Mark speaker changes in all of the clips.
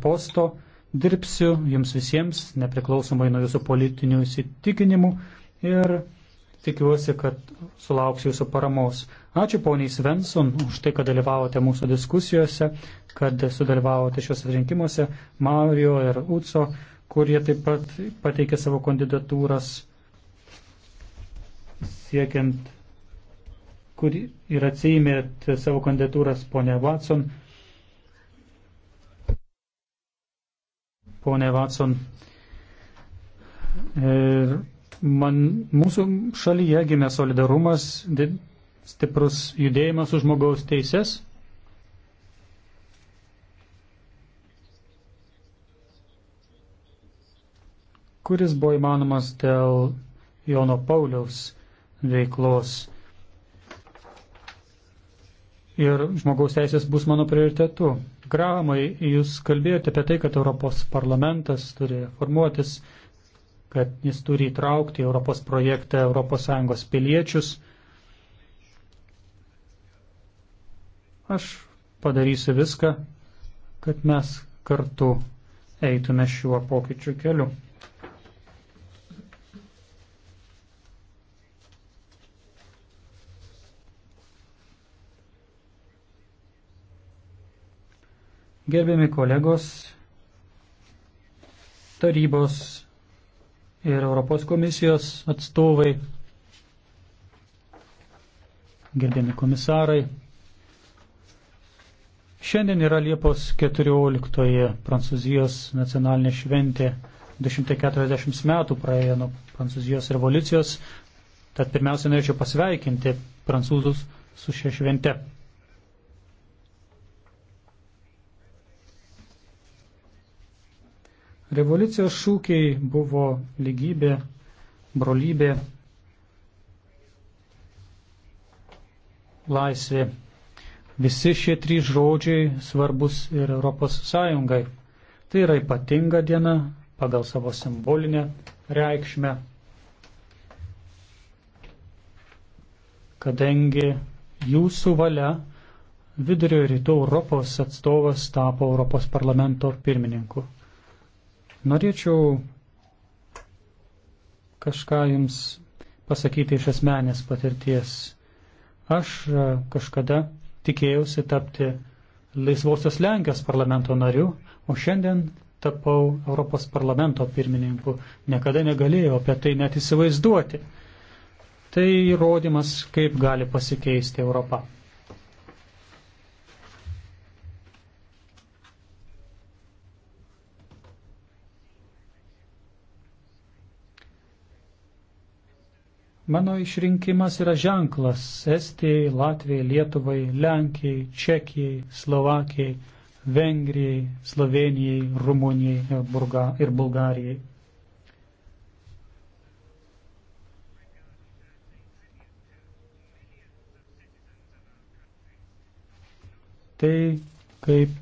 Speaker 1: posto dirbsiu jums visiems, nepriklausomai nuo jūsų politinių įsitikinimų ir tikiuosi, kad sulauksiu jūsų paramos. Ačiū poniai Svensson už tai, kad dalyvavote mūsų diskusijose, kad sudalyvavote šiuose rinkimuose, Mario ir Uco, kurie taip pat pateikė savo kandidatūras siekiant, kur ir atsijimėt savo kandidatūras ponia Watson. ponė Vatson. E, man, mūsų šalyje gimė solidarumas, stiprus judėjimas už žmogaus teises. kuris buvo įmanomas dėl Jono Pauliaus veiklos ir žmogaus teisės bus mano prioritetu. Grahamai, jūs kalbėjote apie tai, kad Europos parlamentas turi formuotis, kad jis turi įtraukti Europos projektą ES piliečius. Aš padarysiu viską, kad mes kartu eitume šiuo pokyčių keliu. Gerbiami kolegos, tarybos ir Europos komisijos atstovai, gerbiami komisarai, Šiandien yra Liepos 14-oji Prancūzijos nacionalinė šventė. 240 metų praėjo nuo Prancūzijos revoliucijos. Tad pirmiausia, norėčiau pasveikinti prancūzus su šia švente. Revoliucijos šūkiai buvo lygybė, brolybė, laisvė. Visi šie trys žodžiai svarbus ir Europos Sąjungai. Tai yra ypatinga diena pagal savo simbolinę reikšmę, kadangi jūsų valia vidurio rytų Europos atstovas tapo Europos parlamento pirmininku. Norėčiau kažką jums pasakyti iš asmenės patirties. Aš e, kažkada tikėjausi tapti Laisvosios Lenkijos parlamento nariu, o šiandien tapau Europos parlamento pirmininku. Niekada negalėjau apie tai net įsivaizduoti. Tai įrodymas, kaip gali pasikeisti Europą. Mano išrinkimas yra ženklas Estijai, Latvijai, Lietuvai, Lenkijai, Čekijai, Slovakijai, Vengrijai, Slovenijai, Rumunijai ir Bulgarijai. Tai kaip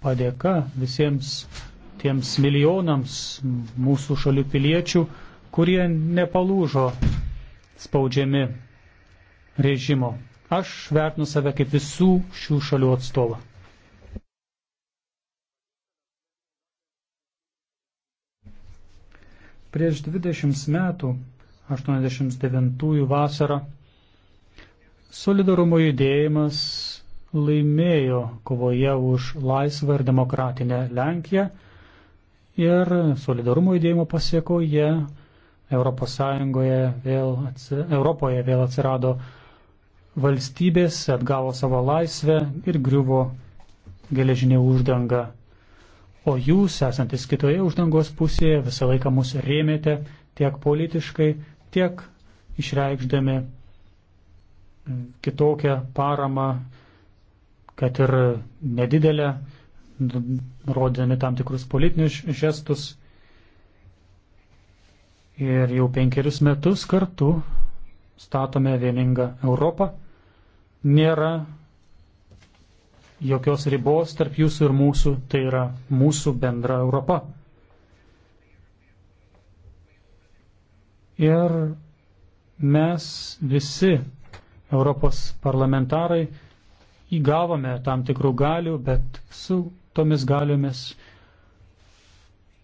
Speaker 1: padėka visiems tiems milijonams mūsų šalių piliečių, kurie nepalūžo spaudžiami režimo. Aš vertinu save kaip visų šių šalių atstovą. Prieš 20 metų, 89 vasarą, solidarumo judėjimas laimėjo kovoje už laisvą ir demokratinę Lenkiją ir solidarumo judėjimo pasiekoje Europos Sąjungoje vėl, Europoje vėl atsirado valstybės, atgavo savo laisvę ir griuvo geležinė uždanga. O jūs, esantis kitoje uždangos pusėje, visą laiką mus rėmėte tiek politiškai, tiek išreikšdami kitokią paramą, kad ir nedidelę, nurodydami tam tikrus politinius žestus Ir jau penkerius metus kartu statome vieningą Europą. Nėra jokios ribos tarp jūsų ir mūsų, tai yra mūsų bendra Europa. Ir mes visi Europos parlamentarai įgavome tam tikrų galių, bet su tomis galiomis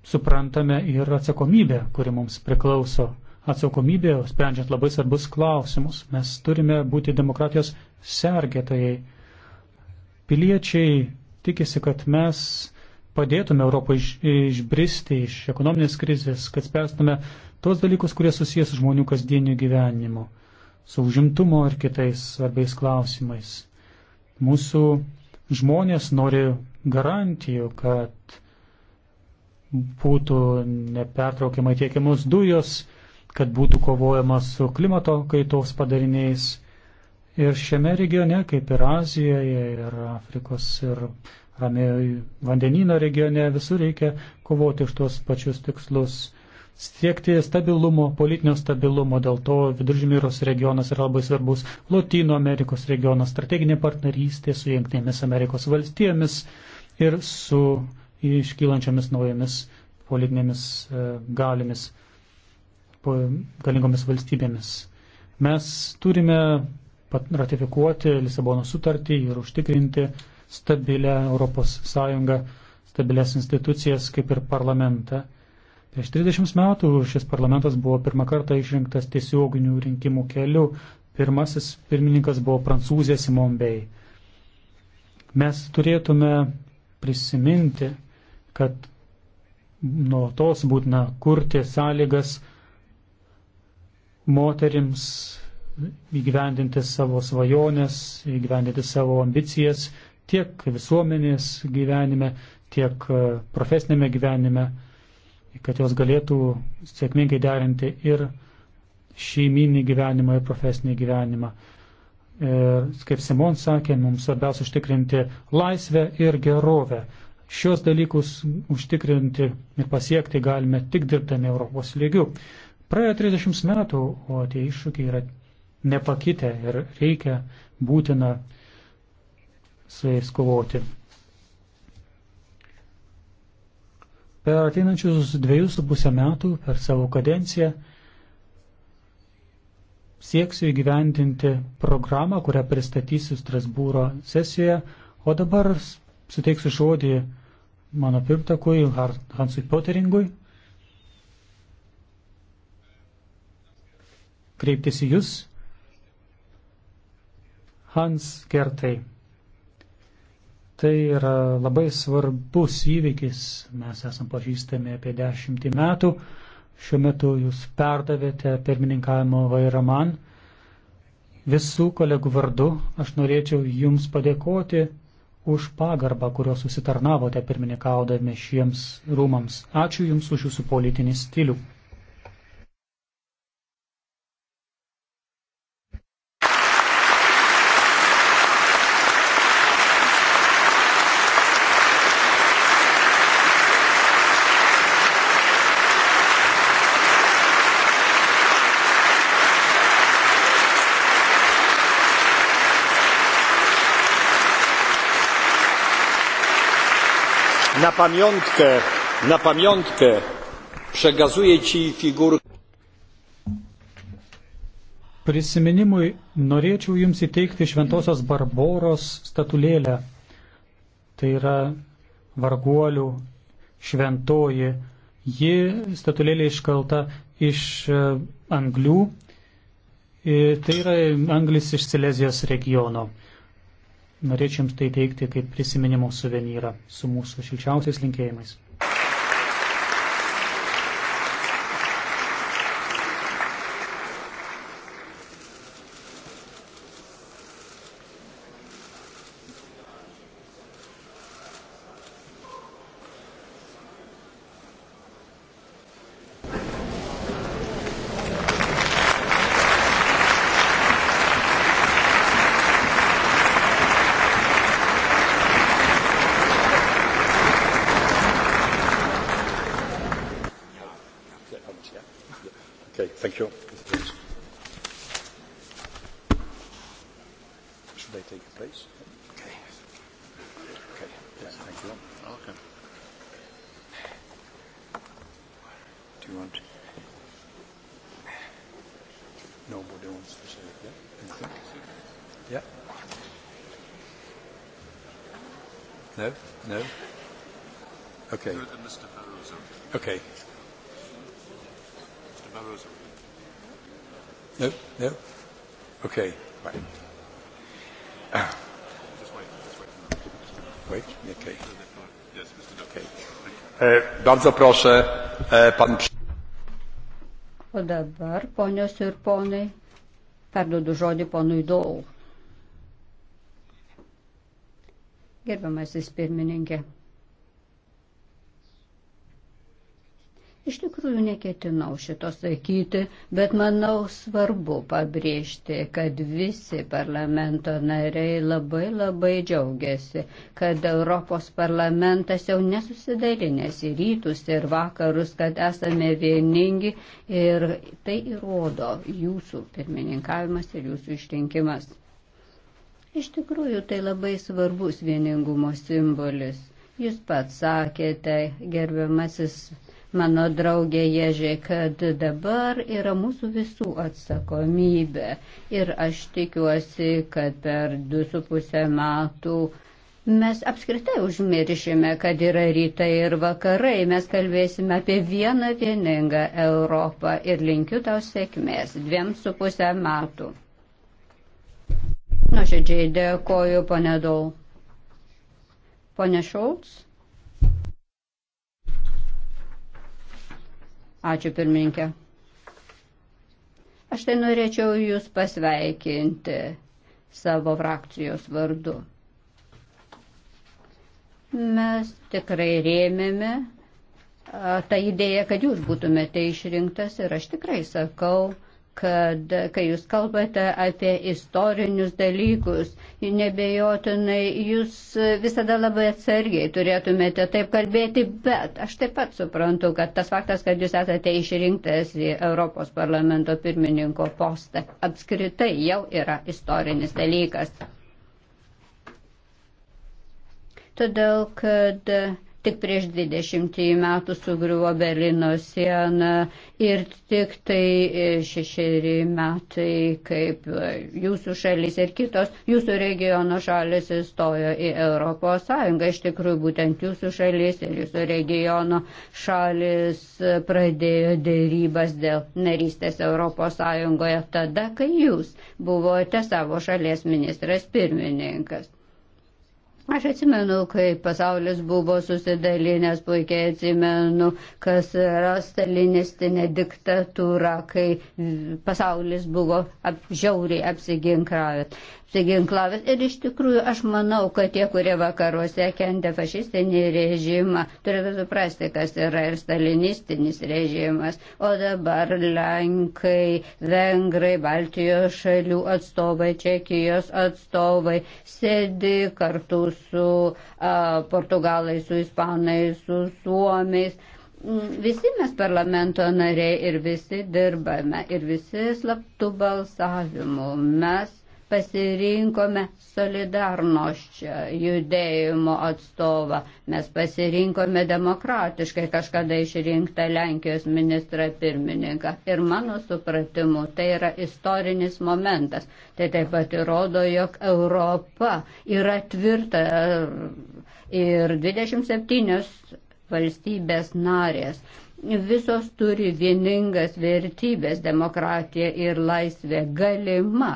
Speaker 1: suprantame ir atsakomybę, kuri mums priklauso. Atsakomybė, sprendžiant labai svarbus klausimus. Mes turime būti demokratijos sergėtojai. Piliečiai tikisi, kad mes padėtume Europai iš, išbristi iš ekonominės krizės, kad spręstume tos dalykus, kurie susijęs žmonių kasdieniu gyvenimu, su užimtumo ir kitais svarbiais klausimais. Mūsų žmonės nori garantijų, kad būtų nepertraukiamai tiekiamos dujos, kad būtų kovojama su klimato kaitos padariniais. Ir šiame regione, kaip ir Azijoje, ir Afrikos, ir Ramėjo vandenino regione, visur reikia kovoti už tuos pačius tikslus, siekti stabilumo, politinio stabilumo, dėl to Viduržymiros regionas yra labai svarbus, Lotino Amerikos regionas, strateginė partnerystė su Junktinėmis Amerikos valstijomis ir su iškylančiomis naujomis politinėmis e, galėmis, galingomis valstybėmis. Mes turime ratifikuoti Lisabono sutartį ir užtikrinti stabilę ES, stabilės institucijas kaip ir parlamentą. Prieš 30 metų šis parlamentas buvo pirmą kartą išrinktas tiesioginių rinkimų keliu. Pirmasis pirmininkas buvo prancūzė Simon Bey. Mes turėtume prisiminti kad nuolatos būtina kurti sąlygas moterims įgyvendinti savo svajonės, įgyvendinti savo ambicijas tiek visuomenės gyvenime, tiek e, profesinėme gyvenime, kad jos galėtų sėkmingai derinti ir šeiminį gyvenimą, ir profesinį gyvenimą. Ir, e, kaip Simon sakė, mums svarbiausia užtikrinti laisvę ir gerovę. Šios dalykus užtikrinti ir pasiekti galime tik dirbdami Europos lygių. Praėjo 30 metų, o tie iššūkiai yra nepakitę ir reikia būtina su jais kovoti. Per ateinančius dviejus su pusę metų, per savo kadenciją, sieksiu įgyvendinti programą, kurią pristatysiu Strasbūro sesijoje, o dabar suteiksiu žodį mano pirmtakui Hansui Poteringui. Kreiptis į Jūs. Hans Kertai. Tai yra labai svarbus įvykis. Mes esam pažįstami apie dešimtį metų. Šiuo metu Jūs perdavėte pirmininkavimo vairą man. Visų kolegų vardu aš norėčiau Jums padėkoti už pagarbą, kurio susitarnavote pirmininkaudami šiems rūmams. Ačiū Jums už Jūsų politinį stilių. Na pamiątkę, na pamiątkę przekazuję Ci figurkę. Prisiminimui norėčiau Jums įteikti Šventojios Barboros statulėlę. Tai yra varguolių šventoji. Ji statulėlė iškalta iš e, anglių. E, tai yra anglis iš Silezijos regiono norėčiau Jums tai teikti kaip prisiminimo suvenyrą su mūsų šilčiausiais linkėjimais. E, bardzo proszę, e, pan.
Speaker 2: O dabar, ponios ir ponai, perduodu žodį ponui Dau. Gerbiamasis pirmininkė. Iš tikrųjų neketinau šito sakyti, bet manau svarbu pabrėžti, kad visi parlamento nariai labai labai džiaugiasi, kad Europos parlamentas jau nesusidarinės į rytus ir vakarus, kad esame vieningi ir tai įrodo jūsų pirmininkavimas ir jūsų išrinkimas. Iš tikrųjų, tai labai svarbus vieningumo simbolis. Jūs pats sakėte, gerbiamasis Mano draugė Ježė, kad dabar yra mūsų visų atsakomybė ir aš tikiuosi, kad per du su pusę metų Mes apskritai užmiršime, kad yra rytai ir vakarai, mes kalbėsime apie vieną vieningą Europą ir linkiu tau sėkmės dviem su pusę metų. Nuoširdžiai dėkoju, pane Dau. Pane Šulc? Ačiū pirmininkė. Aš tai norėčiau Jūs pasveikinti savo frakcijos vardu. Mes tikrai rėmėme tą idėją, kad Jūs būtumėte išrinktas ir aš tikrai sakau, kad kai jūs kalbate apie istorinius dalykus, nebejotinai jūs visada labai atsargiai turėtumėte taip kalbėti, bet aš taip pat suprantu, kad tas faktas, kad jūs esate išrinktas į Europos parlamento pirmininko postą, apskritai jau yra istorinis dalykas. Todėl, kad Tik prieš 20 metų sugriuvo Berlyno siena ir tik tai e, šešeri metai, kaip e, jūsų šalis ir kitos, jūsų regiono šalis įstojo į Europos Sąjungą. Iš tikrųjų, būtent jūsų šalis ir jūsų regiono šalis pradėjo dėrybas dėl narystės Europos Sąjungoje tada, kai jūs buvote savo šalies ministras pirmininkas. Aš atsimenu, kai pasaulis buvo susidalinęs, puikiai atsimenu, kas yra stalinistinė diktatūra, kai pasaulis buvo ap, žiauriai apsiginkravęs apsiginklavęs. Ir iš tikrųjų aš manau, kad tie, kurie vakaruose kentė fašistinį režimą, turėtų suprasti, kas yra ir stalinistinis režimas. O dabar Lenkai, Vengrai, Baltijos šalių atstovai, Čekijos atstovai sėdi kartu su a, portugalais, su ispanais, su suomiais mm, visi mes parlamento nariai ir visi dirbame ir visi slaptų balsavimų. Mes pasirinkome solidarnoščio judėjimo atstovą, mes pasirinkome demokratiškai kažkada išrinktą Lenkijos ministrą pirmininką. Ir mano supratimu, tai yra istorinis momentas. Tai taip pat įrodo, jog Europa yra tvirta ir 27 valstybės narės visos turi vieningas vertybės - demokratija ir laisvė galima.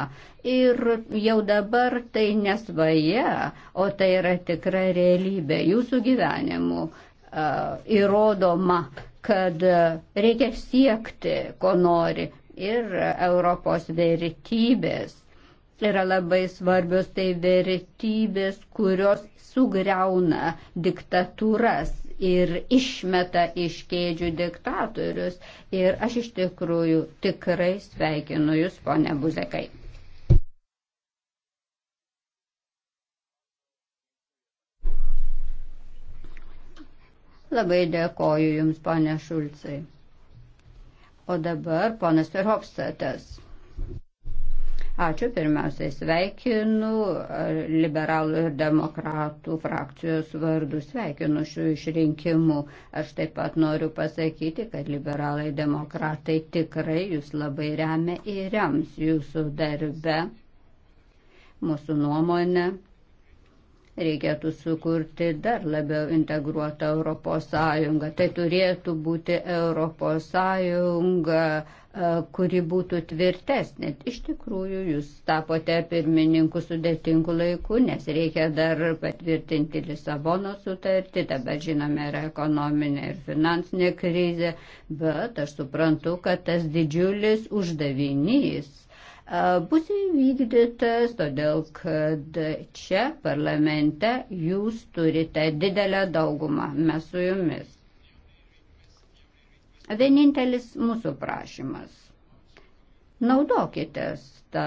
Speaker 2: Ir jau dabar tai nesvaja, o tai yra tikra realybė jūsų gyvenimu įrodoma, kad reikia siekti, ko nori. Ir Europos vertybės yra labai svarbios, tai vertybės, kurios sugriauna diktatūras ir išmeta iš kėdžių diktatorius. Ir aš iš tikrųjų tikrai sveikinu Jūs, ponė Buzekai. Labai dėkoju Jums, ponė Šulcai. O dabar ponas Verhofstadas. Ačiū. Pirmiausiai sveikinu e, liberalų ir demokratų frakcijos vardu. Sveikinu šių išrinkimų. Aš taip pat noriu pasakyti, kad liberalai demokratai tikrai jūs labai remia ir rems jūsų darbe, mūsų nuomonė reikėtų sukurti dar labiau integruotą Europos Sąjungą. Tai turėtų būti Europos Sąjunga, e, kuri būtų tvirtesnė. Iš tikrųjų, jūs tapote pirmininku sudėtingu laiku, nes reikia dar patvirtinti Lisabono sutartį, dabar žinome yra ekonominė ir finansinė krizė, bet aš suprantu, kad tas didžiulis uždavinys bus įvykdytas, todėl kad čia parlamente jūs turite didelę daugumą, mes su jumis. Vienintelis mūsų prašymas Naudokitės tą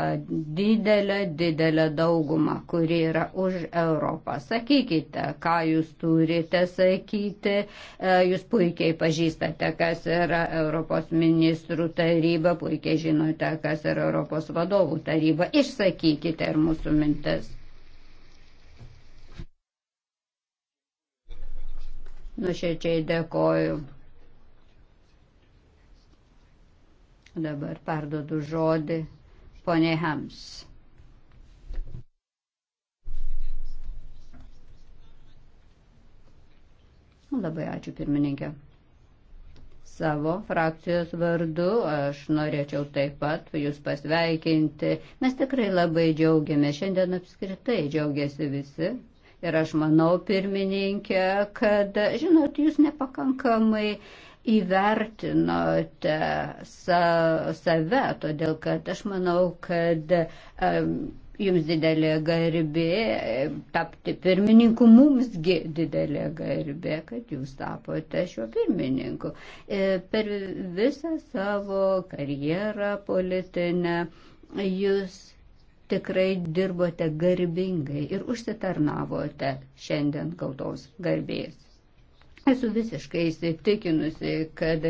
Speaker 2: didelę, didelę daugumą, kuri yra už Europą. Sakykite, ką jūs turite sakyti. E, jūs puikiai pažįstate, kas yra Europos ministrų taryba, puikiai žinote, kas yra Europos vadovų taryba. Išsakykite ir mūsų mintis. Nuširdžiai dėkoju Dabar perdodu žodį ponė Hams. Labai ačiū pirmininkė. Savo frakcijos vardu aš norėčiau taip pat jūs pasveikinti. Mes tikrai labai džiaugiamės. Šiandien apskritai džiaugiasi visi Ir aš manau, pirmininkė, kad, žinot, jūs nepakankamai įvertinote sa, save, todėl kad aš manau, kad um, jums didelė garbė tapti pirmininku, mumsgi didelė garbė, kad jūs tapote šiuo pirmininku. E, per visą savo karjerą politinę jūs tikrai dirbote garbingai ir užsitarnavote šiandien gautos garbės. Esu visiškai įsitikinusi, kad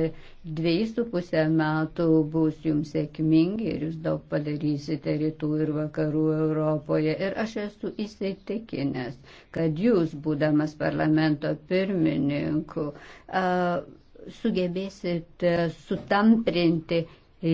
Speaker 2: dviejų su pusę metų bus jums sėkmingi ir jūs daug padarysite rytų ir vakarų Europoje. Ir aš esu įsitikinęs, kad jūs, būdamas parlamento pirmininku, sugebėsite sutamprinti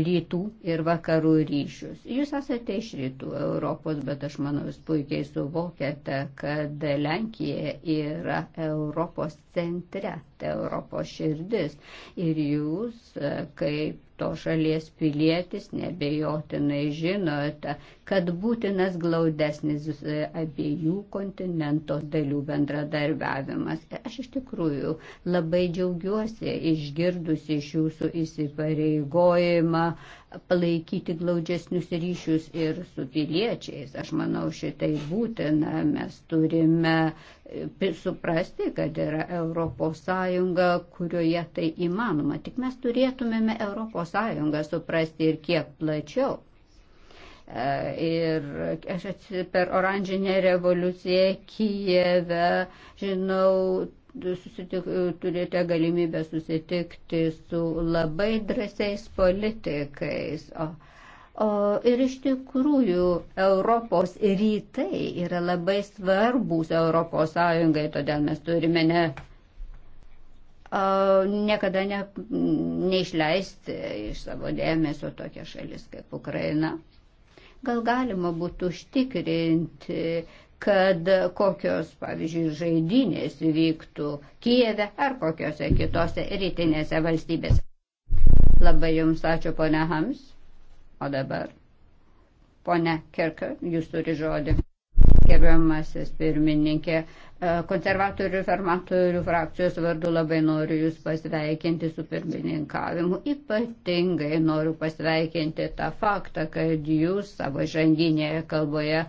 Speaker 2: rytų ir vakarų ryšius. Jūs esate iš rytų Europos, bet aš manau, jūs puikiai suvokiate, kad Lenkija yra Europos centre esate Europos širdis ir jūs, e, kaip to šalies pilietis, nebejotinai žinote, kad būtinas glaudesnis e, abiejų kontinento dalių bendradarbiavimas. Aš iš tikrųjų labai džiaugiuosi išgirdusi iš jūsų įsipareigojimą palaikyti glaudesnius ryšius ir su piliečiais. Aš manau, šitai būtina. Mes turime suprasti, kad yra Europos Sąjunga, kurioje tai įmanoma. Tik mes turėtumėme Europos Sąjungą suprasti ir kiek plačiau. E, ir aš per oranžinę revoliuciją Kijeve, žinau, susitik, turite galimybę susitikti su labai drąsiais politikais. O, Ir iš tikrųjų Europos rytai yra labai svarbus Europos Sąjungai, todėl mes turime ne, niekada ne, neišleisti iš savo dėmesio tokią šalis kaip Ukraina. Gal galima būtų užtikrinti, kad kokios, pavyzdžiui, žaidynės vyktų Kijeve ar kokiose kitose rytinėse valstybėse. Labai Jums ačiū, ponia Hams. O dabar, ponia Kirka, jūs turi žodį. Gerbiamasis pirmininkė, e, konservatorių ir reformatorių frakcijos vardu labai noriu Jūs pasveikinti su pirmininkavimu. Ypatingai noriu pasveikinti tą faktą, kad Jūs savo žanginėje kalboje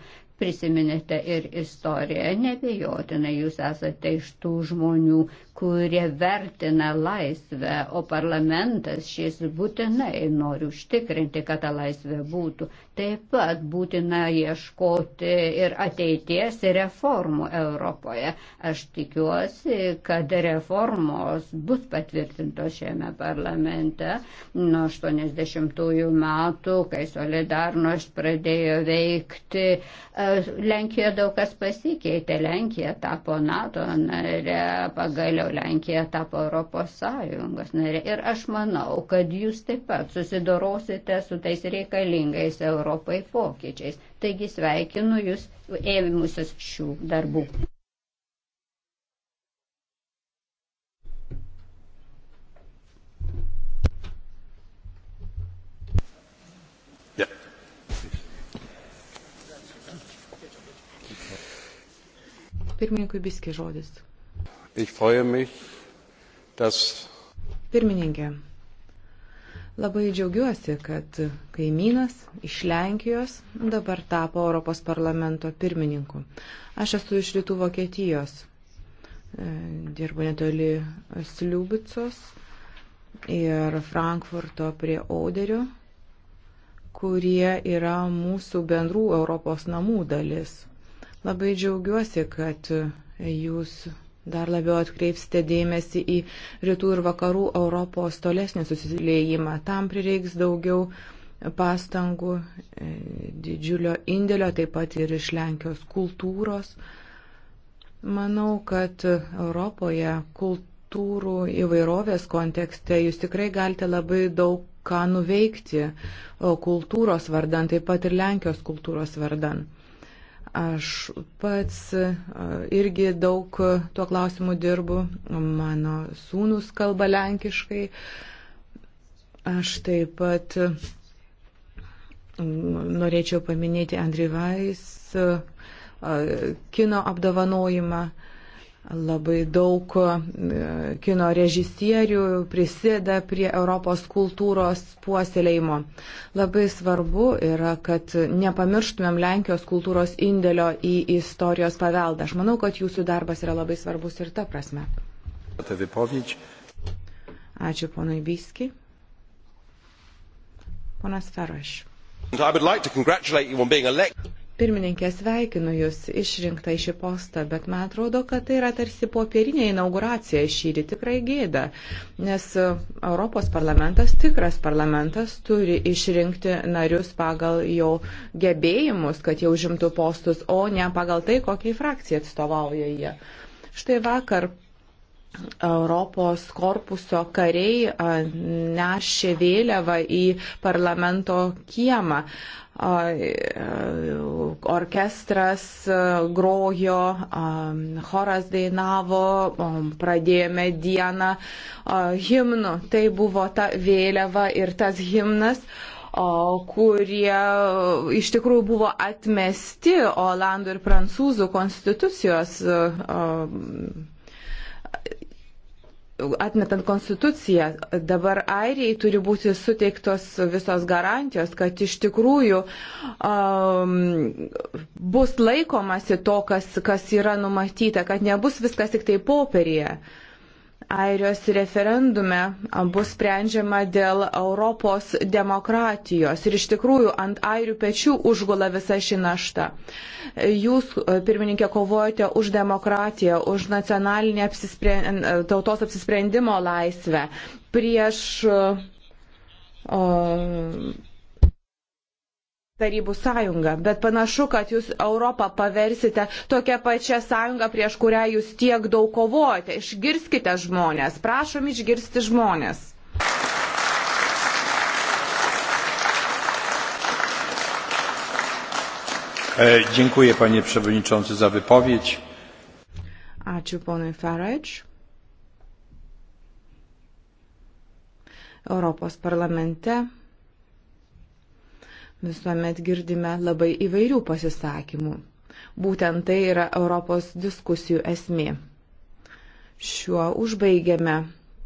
Speaker 2: prisiminėte ir istoriją. Nebejotinai jūs esate iš tų žmonių, kurie vertina laisvę, o parlamentas šis būtinai nori užtikrinti, kad ta laisvė būtų. Taip pat būtina ieškoti ir ateities reformų Europoje. Aš tikiuosi, kad reformos bus patvirtintos šiame parlamente nuo 80-ųjų metų, kai Solidarnos pradėjo veikti. E, Lenkijoje daug kas pasikeitė, Lenkija tapo NATO nare, pagaliau Lenkija tapo Europos Sąjungos narė. Ir aš manau, kad jūs taip pat susidorosite su tais reikalingais Europai pokyčiais. Taigi sveikinu jūs ėmimusius šių darbų.
Speaker 3: pirmininkui biskį žodis
Speaker 1: Ich freue mich, dass.
Speaker 3: Pirmininkė, labai džiaugiuosi, kad kaimynas iš Lenkijos dabar tapo Europos parlamento pirmininku. Aš esu iš rytų Vokietijos, e, dirbu netoli Sliubicos ir Frankfurto prie Oderio, kurie yra mūsų bendrų Europos namų dalis. Labai džiaugiuosi, kad jūs dar labiau atkreipsite dėmesį į rytų ir vakarų Europos tolesnį susiliejimą. Tam prireiks daugiau pastangų, e, didžiulio indėlio, taip pat ir iš Lenkijos kultūros. Manau, kad Europoje kultūrų įvairovės kontekste jūs tikrai galite labai daug ką nuveikti kultūros vardan, taip pat ir Lenkijos kultūros vardan. Aš pats irgi daug tuo klausimu dirbu. Mano sūnus kalba lenkiškai. Aš taip pat norėčiau paminėti Andrivais kino apdovanojimą. Labai daug e, kino režisierių prisėda prie Europos kultūros puoselėjimo. Labai svarbu yra, kad nepamirštumėm Lenkijos kultūros indėlio į istorijos paveldą. Aš manau, kad jūsų darbas yra labai svarbus ir ta prasme. Ačiū ponui Byski. Ponas Feraš. Pirmininkė sveikinu Jūs išrinktą į šį postą, bet man atrodo, kad tai yra tarsi popierinė inauguracija šį ir tikrai gėda, nes Europos parlamentas, tikras parlamentas, turi išrinkti narius pagal jo gebėjimus, kad jau žimtų postus, o ne pagal tai, kokiai frakcijai atstovauja jie. Štai vakar Europos korpuso kariai nešė vėliavą į parlamento kiemą. Orkestras grojo, choras dainavo, pradėjome dieną himnu. Tai buvo ta vėliava ir tas himnas kurie iš tikrųjų buvo atmesti Olandų ir Prancūzų konstitucijos atmetant konstituciją, dabar Airijai turi būti suteiktos visos garantijos, kad iš tikrųjų um, bus laikomasi to, kas, kas yra numatyta, kad nebus viskas tik tai popieryje. Uh, Airijos referendume bus sprendžiama dėl Europos demokratijos ir iš tikrųjų ant airių pečių užgula visa ši našta. Jūs, pirmininkė, kovojate už demokratiją, už nacionalinį apsispren... tautos apsisprendimo laisvę prieš o, tarybų sąjungą, bet panašu, kad jūs Europą paversite tokią pačią sąjungą, prieš kurią jūs tiek daug kovojate. Išgirskite žmonės, prašom išgirsti žmonės.
Speaker 1: E, dziękuję panie przewodniczący za wypowiedź.
Speaker 3: Ačiū ponui Farage. Europos parlamente visuomet girdime labai įvairių pasisakymų. Būtent tai yra Europos diskusijų esmė. Šiuo užbaigiame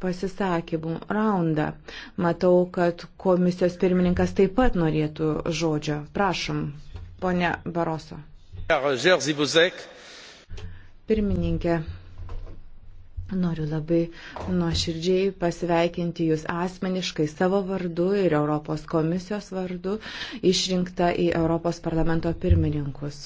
Speaker 3: pasisakymų raundą. Matau, kad komisijos pirmininkas taip pat norėtų žodžio. Prašom, ponia Baroso. Pirmininkė, Noriu labai nuoširdžiai pasveikinti Jūs asmeniškai savo vardu ir Europos komisijos vardu išrinktą į Europos parlamento pirmininkus.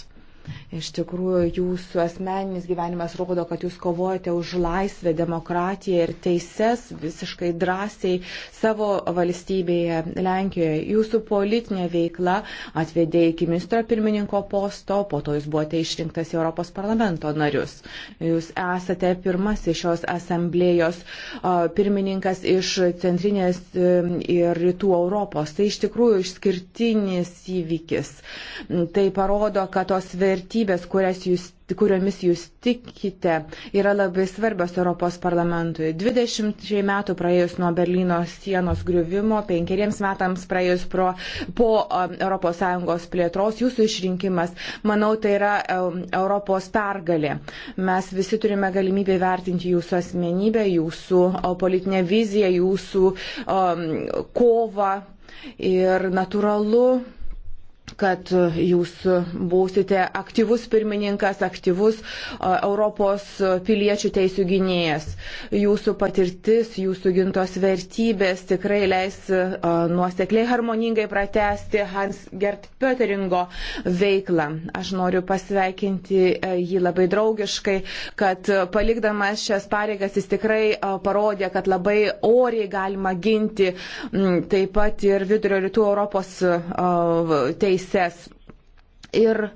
Speaker 3: Iš tikrųjų, jūsų asmeninis gyvenimas rodo, kad jūs kovojate už laisvę, demokratiją ir teises visiškai drąsiai savo valstybėje Lenkijoje. Jūsų politinė veikla atvedė iki ministro pirmininko posto, po to jūs buvote išrinktas į Europos parlamento narius. Jūs esate pirmasis šios asamblėjos pirmininkas iš centrinės e, ir rytų Europos. Tai iš tikrųjų išskirtinis įvykis. Tai parodo, kad tos vertybės vertybės, jūs, kuriomis jūs tikite, yra labai svarbios Europos parlamentui. 20 metų praėjus nuo Berlyno sienos griuvimo, penkeriems metams praėjus pro, po um, ES plėtros, jūsų išrinkimas, manau, tai yra um, Europos pergalė. Mes visi turime galimybę vertinti jūsų asmenybę, jūsų politinę viziją, jūsų um, kovą. Ir natūralu, kad jūs būsite aktyvus pirmininkas, aktyvus Europos piliečių teisų gynėjas. Jūsų patirtis, jūsų gintos vertybės tikrai leis nuosekliai harmoningai pratesti Hans Gert Pöteringo veiklą. Aš noriu pasveikinti jį labai draugiškai, kad palikdamas šias pareigas jis tikrai parodė, kad labai oriai galima ginti taip pat ir vidurio rytų Europos teisę teises. Ir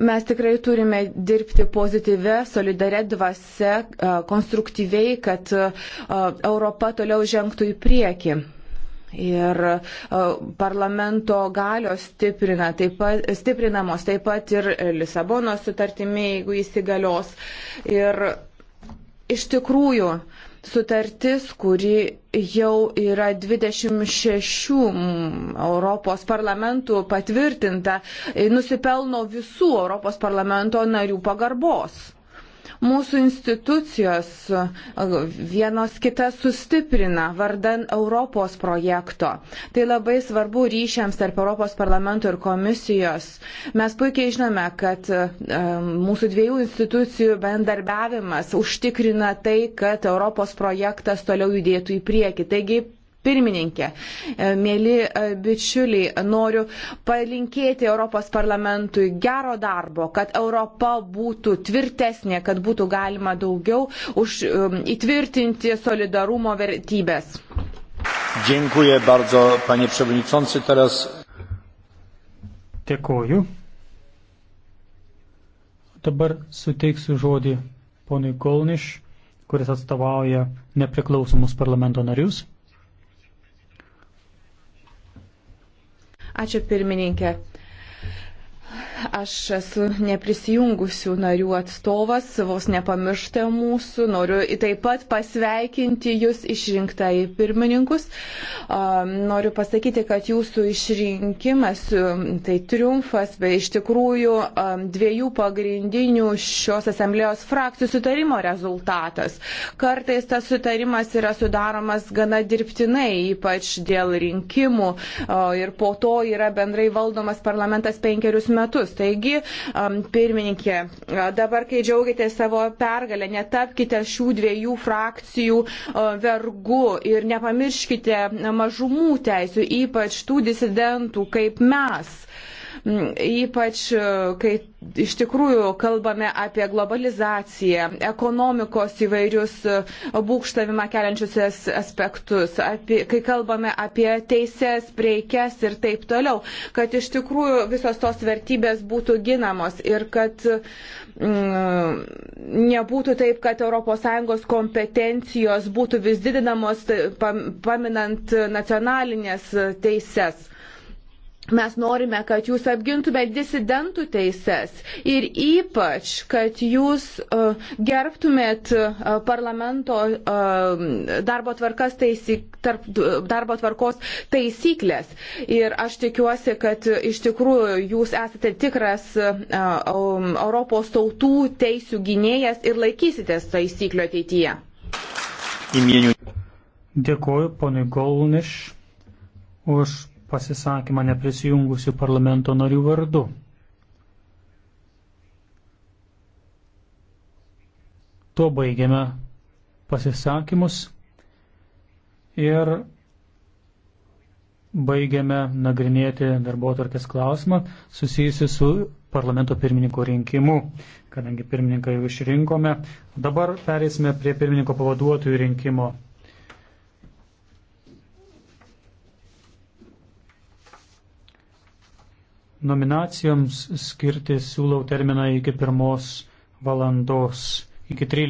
Speaker 3: mes tikrai turime dirbti pozityvę, solidarę dvasę, konstruktyviai, kad Europa toliau žengtų į priekį. Ir parlamento galios stiprina, taip pat, stiprinamos taip pat ir Lisabono sutartimi, jeigu įsigalios. Ir iš tikrųjų sutartis, kuri jau yra 26 Europos parlamentų patvirtinta, nusipelno visų Europos parlamento narių pagarbos. Mūsų institucijos vienos kitas sustiprina vardan Europos projekto. Tai labai svarbu ryšiams tarp Europos parlamento ir komisijos. Mes puikiai žinome, kad mūsų dviejų institucijų bendarbiavimas užtikrina tai, kad Europos projektas toliau judėtų į priekį. Taigi pirmininkė. E, mėly e, bičiuliai, noriu palinkėti Europos parlamentui gero darbo, kad Europa būtų tvirtesnė, kad būtų galima daugiau už, um, įtvirtinti solidarumo vertybės.
Speaker 1: Dziękuję bardzo, panie przewodniczący. Teraz. Dėkoju. Dabar suteiksiu žodį ponui Golniš, kuris atstovauja nepriklausomus parlamento narius.
Speaker 3: Ačiū pirmininkė. Aš esu neprisijungusių narių atstovas, vos nepamirštę mūsų. Noriu taip pat pasveikinti jūs išrinktai pirmininkus. Noriu pasakyti, kad jūsų išrinkimas um, tai triumfas, bet iš tikrųjų um, dviejų pagrindinių šios asamblėjos frakcijų sutarimo rezultatas. Kartais tas sutarimas yra sudaromas gana dirbtinai, ypač dėl rinkimų ir po to yra bendrai valdomas parlamentas penkerius metus metus. Taigi, pirmininkė, dabar, kai džiaugiate savo pergalę, netapkite šių dviejų frakcijų vergu ir nepamirškite mažumų teisų, ypač tų disidentų kaip mes. Mm, ypač e, kai iš tikrųjų kalbame apie globalizaciją, ekonomikos įvairius e, būkštavimą keliančius aspektus, apie, kai kalbame apie teises, priekes ir taip toliau, kad iš tikrųjų visos tos vertybės būtų ginamos ir kad mm, nebūtų taip, kad ES kompetencijos būtų vis didinamos, tai paminant nacionalinės teises. Mes norime, kad jūs apgintumėte disidentų teises ir ypač, kad jūs uh, gerbtumėt uh, parlamento uh, darbo, taisyk, tarp, darbo tvarkos taisyklės. Ir aš tikiuosi, kad iš tikrųjų jūs esate tikras uh, um, Europos tautų teisų gynėjas ir laikysitės taisyklių ateityje.
Speaker 1: Dėkuoju ponui Golniš už pasisakymą neprisijungusių parlamento narių vardu. Tuo baigiame pasisakymus ir baigiame nagrinėti darbo tvarkės klausimą susijusi su parlamento pirmininko rinkimu, kadangi pirmininką jau išrinkome. Dabar perėsime prie pirmininko pavaduotojų rinkimo. Nominacijoms skirti siūlau terminą iki pirmos valandos, iki 13.